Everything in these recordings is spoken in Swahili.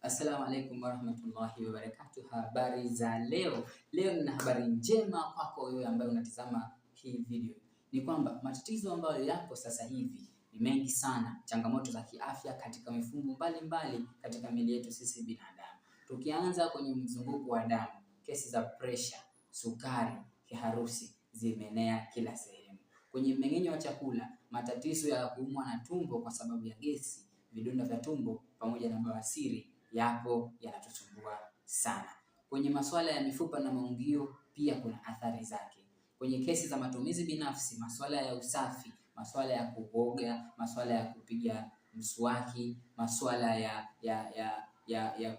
Assalamu alaikum warahmatullahi wabarakatuh. Habari za leo. Leo nina habari njema kwako wewe ambaye unatizama hii video, ni kwamba matatizo ambayo yapo sasa hivi ni mengi sana, changamoto za kiafya katika mifumo mbalimbali katika miili yetu sisi binadamu, tukianza kwenye mzunguko wa damu, kesi za presha, sukari, kiharusi zimeenea kila sehemu, kwenye mmeng'enyo wa chakula, matatizo ya kuumwa na tumbo kwa sababu ya gesi, vidonda vya tumbo pamoja na bawasiri yapo yanatusumbua sana. Kwenye masuala ya mifupa na maungio pia kuna athari zake. Kwenye kesi za matumizi binafsi, masuala ya usafi, masuala ya kuoga, masuala ya kupiga mswaki, masuala ya ya ya ya, ya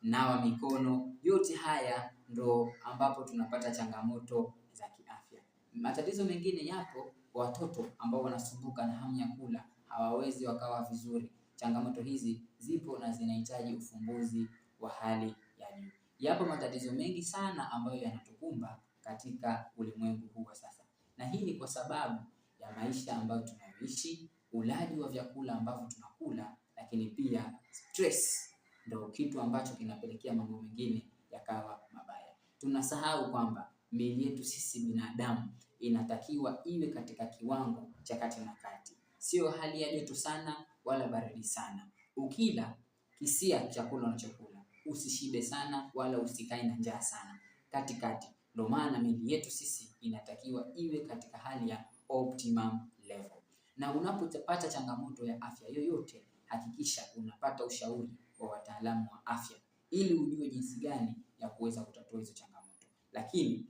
kunawa mikono, yote haya ndo ambapo tunapata changamoto za kiafya. Matatizo mengine yapo watoto ambao wanasumbuka na hamu ya kula, hawawezi wakawa vizuri changamoto hizi zipo na zinahitaji ufumbuzi wa hali ya juu. Yapo matatizo mengi sana ambayo yanatukumba katika ulimwengu huu wa sasa, na hii ni kwa sababu ya maisha ambayo tunayoishi, ulaji wa vyakula ambavyo tunakula, lakini pia stress ndio kitu ambacho kinapelekea mambo mengine yakawa mabaya. Tunasahau kwamba miili yetu sisi binadamu inatakiwa iwe katika kiwango cha kati na kati, sio hali ya joto sana wala baridi sana. Ukila kisia chakula unachokula, usishibe sana wala usikae na njaa sana katikati. Ndio maana miili yetu sisi inatakiwa iwe katika hali ya optimum level. Na unapopata changamoto ya afya yoyote, hakikisha unapata ushauri wa wataalamu wa afya ili ujue jinsi gani ya kuweza kutatua hizo changamoto. Lakini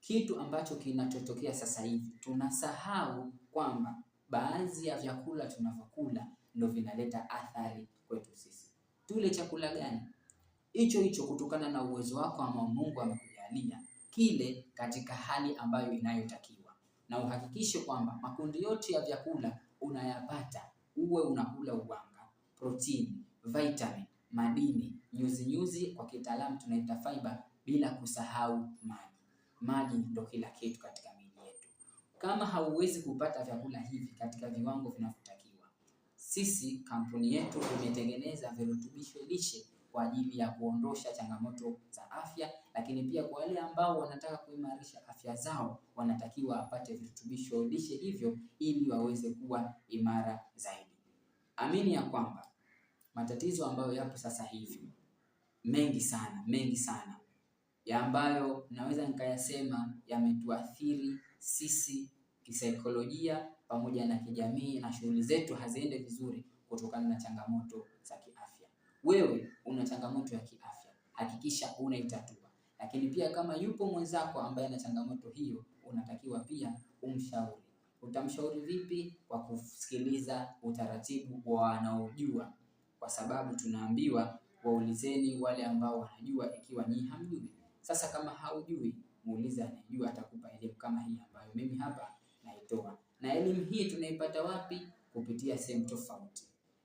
kitu ambacho kinachotokea sasa hivi tunasahau kwamba baadhi ya vyakula tunavyokula ndio vinaleta athari kwetu sisi. Tule chakula gani? Hicho hicho kutokana na uwezo wako ambao Mungu amekujalia, kile katika hali ambayo inayotakiwa, na uhakikishe kwamba makundi yote ya vyakula unayapata, uwe unakula uwanga, protini, vitamin, madini, nyuzi nyuzi, kwa kitaalamu tunaita fiber, bila kusahau maji. Maji ndio kila kitu katika kama hauwezi kupata vyakula hivi katika viwango vinavyotakiwa. Sisi kampuni yetu imetengeneza virutubisho lishe kwa ajili ya kuondosha changamoto za afya, lakini pia kwa wale ambao wanataka kuimarisha afya zao, wanatakiwa apate virutubisho lishe hivyo ili waweze kuwa imara zaidi. Amini ya kwamba matatizo ambayo yapo sasa hivi mengi sana, mengi sana ya ambayo naweza nikayasema yametuathiri sisi kisaikolojia pamoja na kijamii na shughuli zetu haziende vizuri kutokana na changamoto za kiafya. Wewe una changamoto ya kiafya, hakikisha unaitatua. Lakini pia kama yupo mwenzako ambaye ana changamoto hiyo, unatakiwa pia umshauri. Utamshauri vipi? Kwa kusikiliza utaratibu wa wanaojua, kwa sababu tunaambiwa waulizeni wale ambao wanajua ikiwa nyinyi hamjui. Sasa kama haujui muulize, anajua atakupa elimu kama hii ambayo mimi hapa naitoa. Na elimu hii tunaipata wapi? Kupitia sehemu tofauti.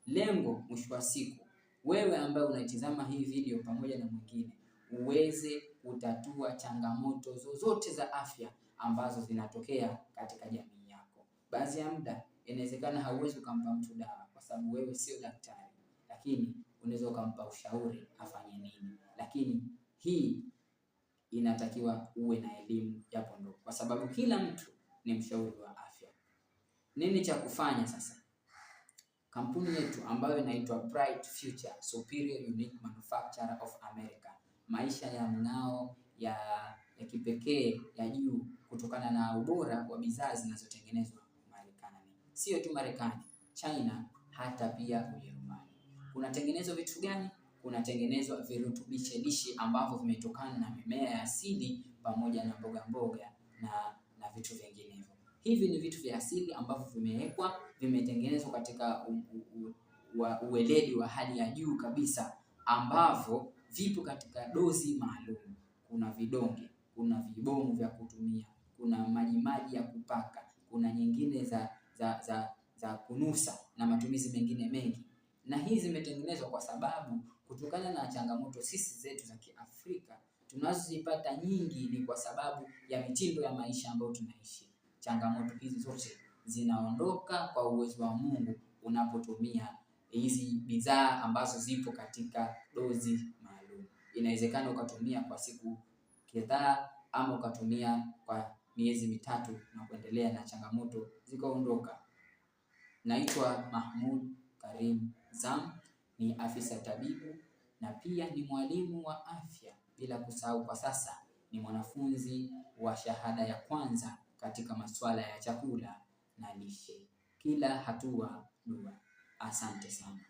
Lengo mwisho wa siku, wewe ambaye unaitizama hii video pamoja na mwingine, uweze kutatua changamoto zozote za afya ambazo zinatokea katika jamii yako. Baadhi ya muda inawezekana hauwezi ukampa mtu dawa kwa sababu wewe sio daktari, lakini unaweza ukampa ushauri afanye nini, lakini hii inatakiwa uwe na elimu japo ndogo, kwa sababu kila mtu ni mshauri wa afya. Nini cha kufanya sasa? Kampuni yetu ambayo inaitwa Bright Future Superior Unique Manufacturer of America, maisha ya mng'ao ya, ya kipekee ya juu kutokana na ubora wa bidhaa zinazotengenezwa Marekani, sio tu Marekani, China, hata pia Ujerumani. Unatengenezwa vitu gani? kunatengenezwa virutubishi lishe ambavyo vimetokana na mimea ya asili pamoja na mboga mboga na, na vitu vinginevyo. Hivi ni vitu vya asili ambavyo vimewekwa, vimetengenezwa katika uweledi wa hali ya juu kabisa, ambavyo vipo katika dozi maalum. Kuna vidonge, kuna vibomu vya kutumia, kuna majimaji ya kupaka, kuna nyingine za, za, za, za kunusa na matumizi mengine mengi, na hizi zimetengenezwa kwa sababu kutokana na changamoto sisi zetu za Kiafrika tunazozipata nyingi ni kwa sababu ya mitindo ya maisha ambayo tunaishi. Changamoto hizi zote zinaondoka kwa uwezo wa Mungu unapotumia hizi bidhaa ambazo zipo katika dozi maalum. Inawezekana ukatumia kwa siku kadhaa ama ukatumia kwa miezi mitatu na kuendelea, na changamoto zikaondoka. Naitwa Mahmud Karim Zam ni afisa tabibu na pia ni mwalimu wa afya, bila kusahau kwa sasa ni mwanafunzi wa shahada ya kwanza katika masuala ya chakula na lishe. Kila hatua dua. Asante sana.